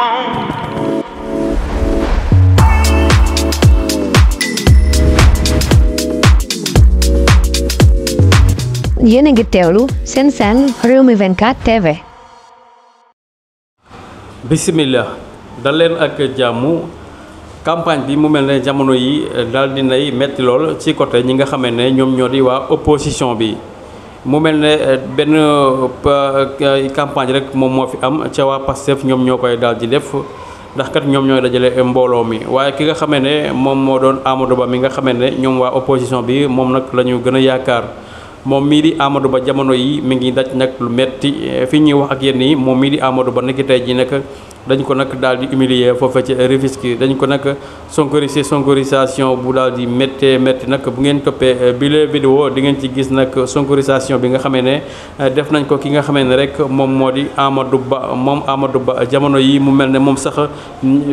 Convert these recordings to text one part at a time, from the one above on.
yéen a ngi teewlu seen seen Rewmi 24 TV. bisimilah dal leen ak jàmm campagne bi mu mel ne jamono yi daal di nay metti lool ci côté ñi nga xamee ne ñoom ñoo di waa opposition bi. mu mel ne euh, benn euh, campagne rek moom moo fi am ca waa Pastef ñoom ñoo koy daal di def ndax kat ñoom ñooy dajale mbooloo mi waaye ki nga xamee ne moom moo doon Amadou Ba mi nga xamee ne ñoom waa opposition bi moom nag la ñu gën a yaakaar moom mii di Amadou Ba jamono yi mi ngi daj nag lu metti fi ñuy wax ak yenn yi moom mii di Amadou Ba nekk ji nag dañ ko nag daal di humilier foofa ci Rufisque dañ ko nag sonkorisé sonkorisation bu daal di méttee métti nag bu ngeen toppee euh, bi la vidéo di ngeen ci gis nag sonkorisation bi nga xamee ne euh, def nañ ko ki nga xamee ne rek moom moo di Amadou Ba moom Amadou Ba jamono yi mu mel ne moom sax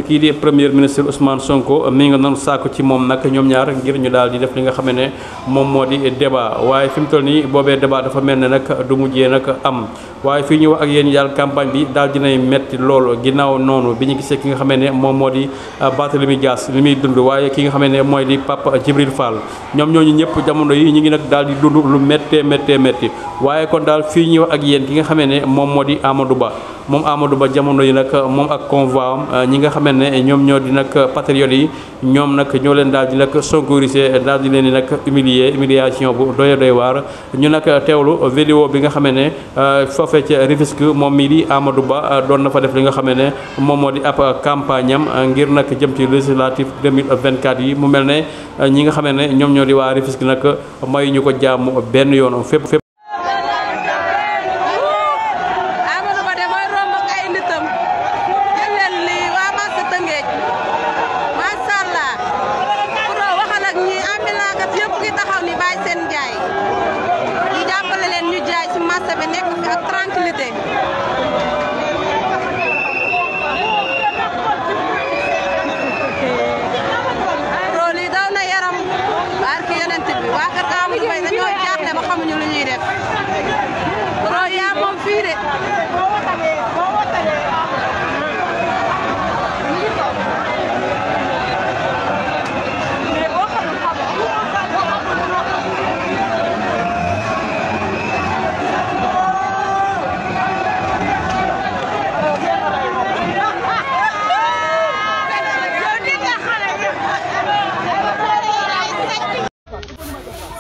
kii di premier ministre Ousmane Sonko mi nga noonu saako ci moom nag ñoom ñaar ngir ñu daal di def li nga xamee ne moom moo di débat waaye fi mu toll nii boobee débat dafa mel ne nag du mujjee nag am waaye fii ñu wax ak yéen daal campagne bi daal dinay metti lool ginnaaw noonu bi ñu gisee ki nga xamee ne moom moo di euh, Barthélémy dund waaye ki nga xamee ne mooy di Papa Djibril Fall ñoom ñooñu ñëpp jamono yi ñu ngi nag daal di dund lu méttee méttee métti waaye kon daal fii ñu wax ak yéen ki nga xamee ne moom moo di Amadou Ba moom Amadou Ba jamono yi nag moom ak convoi euh, ñi nga xamee ne ñoom ñoo di nag patriotes yi ñoom nag ñoo leen daal di nag sonkorisé daal di leen di nag humilier humiliation bu doy doy waar ñu nag teewlu vidéo bi nga xamee ne euh, foofe foofee ca moom mii di Amadou Ba euh, doon na fa def li nga xam ne moom moo di ab euh, campagne am euh, ngir nag jëm ci législatif 2024 yi mu mel ne ñi nga xam ne ñoom ñoo di waa Rufisque nag may ñu ko jaamu benn yoon fépp fépp.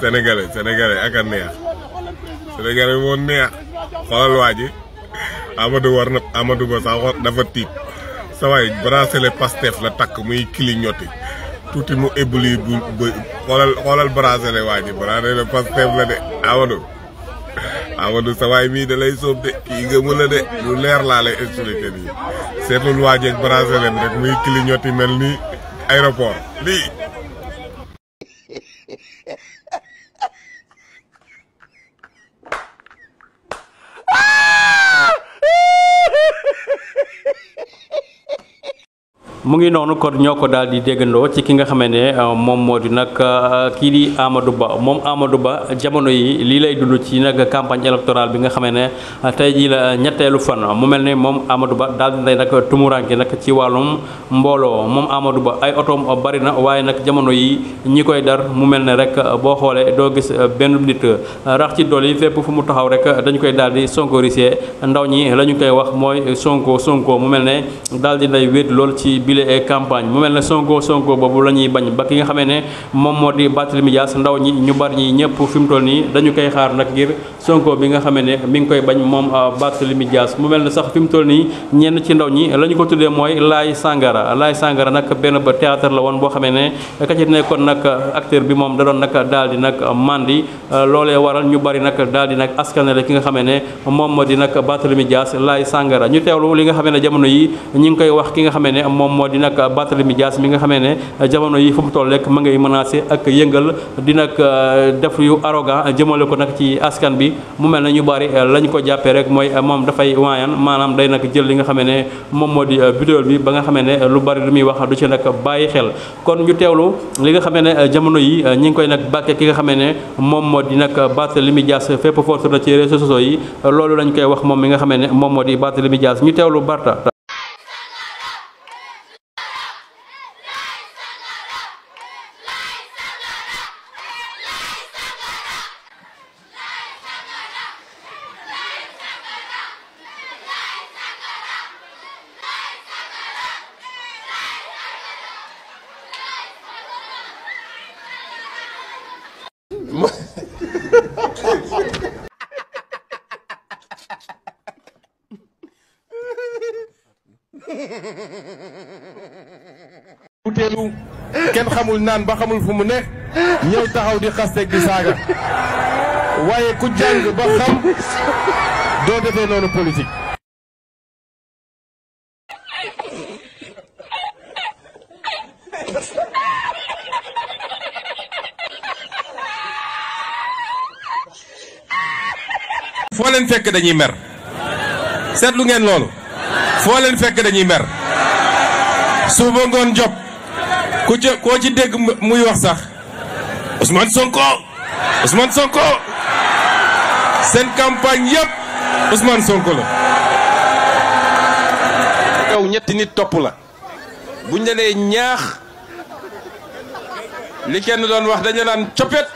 sénégalais sénégalais ak a neex sénégalais moo neex xoolal waa ji Amadou war na Amadou Ba sax dafa tiit sa waay bracelet la takk muy clignoté tuuti mu ébuli bu bu xoolal xoolal bracelet waa ji bracelet Pastef la de Amadou Amadou sa waay mii da lay sóob de kii nga mën a de lu leer laa lay expliqué nii seetul waa rek muy clignoté mel ni aéroport lii. mu ngi noonu kon ñoo ko daal di déggandoo ci ki nga xamee ne euh, moom moo di nag euh, kii di amadu Ba moom amadu Ba jamono yi lii lay dund ci nag campagne électorale bi nga xamee ne euh, tey jii la ñetteelu fan mu mel ne moom Amadou Ba daal di nay nag tumuranke nag ci wàllum mbooloo moom amadu Ba ay otoom bari na waaye nag jamono yi ñi koy dar mu mel ne rek boo xoolee doo gis benn nit rax ci dool yi fépp fu mu taxaw rek dañu koy daal di sonkorisé ndaw ñi la ñu koy wax mooy sonko sonko mu mel ne bile campagne mu mel ne sonko sonko ba ki nga moo di Barthélémy Dias ndaw ñi ñu bi nga xamee koy bañ moom euh, Barthélémy Dias mu mel ne sax fi mu toll nii ñenn ci ndaw ñi la ñu ko tuddee mooy Laay Sangara Laay Sangara nag benn ba théâtre la woon boo xamee ne ka ci nekkoon nag acteur bi moom da nag daal di nag mandi euh, loolee waral ñu bari nag daal di nag askanale ki nga xamee ne moom moo di nag Barthélémy Dias Laay Sangara ñu teewlu li nga xamee ne jamono yi ñi ngi koy wax ki nga xamee ne moom moo moo di nag Barthélémy Dias mi nga xamee ne jamono yi fu mu toll rek ma ngay menacé ak yëngal di nag euh, def yu arrogant jëmale ko nag ci askan bi mu mel na ñu bari euh, la ñu ko jàppee rek mooy euh, moom dafay waayan maanaam day nak jël li nga xamee ne moom moo di bidéol bi ba nga xamee ne lu bari lu muy wax du ci nag bàyyi xel kon ñu teewlu li nga xamee ne jamono yi ñi ngi koy nag bàkkee ki nga xamee ne moom moo di nag Barthélémy Dias fépp force na ci réseaux sociaux yi loolu lañ koy wax moom mi nga xamee ne moom moo di Barthélémy Dias ñu teewlu Barta xamul naan ba xamul fu mu ne ñëw taxaw di xasteeg di saaga waaye ku jàng ba xam doo defee noonu politique. foo leen fekk dañuy mer seetlu ngeen loolu foo leen fekk dañuy mer suba ngoon job ku ci koo ci dégg muy wax sax Ousmane Sonko Ousmane Sonko seen campagne yëpp Ousmane Sonko la. kaw ñetti nit topp la. buñ la ñaax li kenn doon wax dañu naan coppet.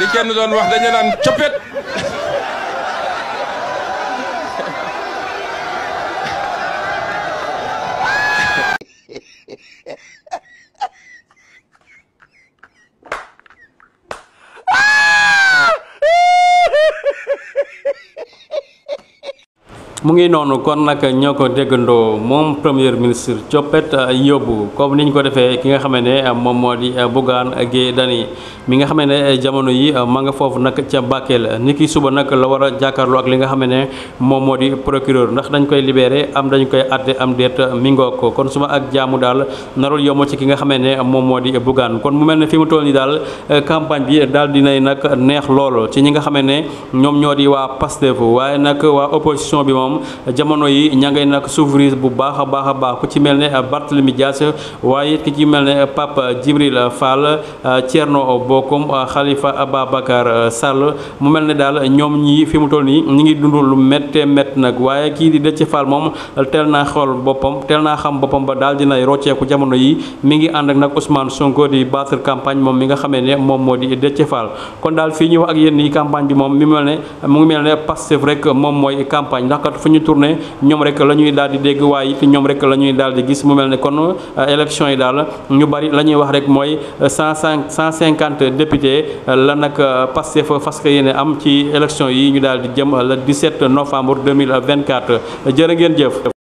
li kenn doon wax dañu naan coppet mu ngi noonu kon nag ñoo ko déggandoo moom premier ministre coppet yóbbu comme ni ñu ko defee ki nga xam ne moom moo di Bougane Gueye Dany mi nga xam ne jamono yi ma nga foofu nag ca Bakel ni ki suba nag la war a jàkkaarloo li nga xam ne moom moo di procureur ndax dañ koy libéré am dañu koy àtte am déet mi ngoog kon suma ak jaamu daal narul yomb ci ki nga xam ne moom moo di Bougane kon mu mel ne fi mu toll nii daal campagne bi daal dinay nag neex lool ci ñi nga xam ne ñoom ñoo di waa Pastef waaye nag waa opposition bi moom. moom jamono yi ña ngay nag souffrir bu baax a baax a baax ku ci mel ne Barthélemy Dias waaye it ku ci mel ne Pape Djibril Fall Thierno Bocoum Khalifa Ababacar Sall mu mel ne daal ñoom ñii fi mu toll nii ñu ngi dund lu méttee métt nag waaye kii di Déthié Fall moom teel naa xool boppam teel naa xam boppam ba daal dinay rocceeku jamono yi mi ngi ànd ak nag Ousmane Sonko di battre campagne moom mi nga xamee ne moom moo di Déthié Fall kon daal fii ñu wax ak yéen nii ñu tourné ñoom rek la ñuy di dégg waaye it ñoom rek la ñuy daal di gis mu mel ne kon euh, élection yi daal ñu bari la ñuy wax rek mooy euh, cent cinq cent cinquante députés euh, la nag Pastef fas yéene am ci élection yi ñu daal di jëm le 17 novembre 2024 jërë ngeen jëf.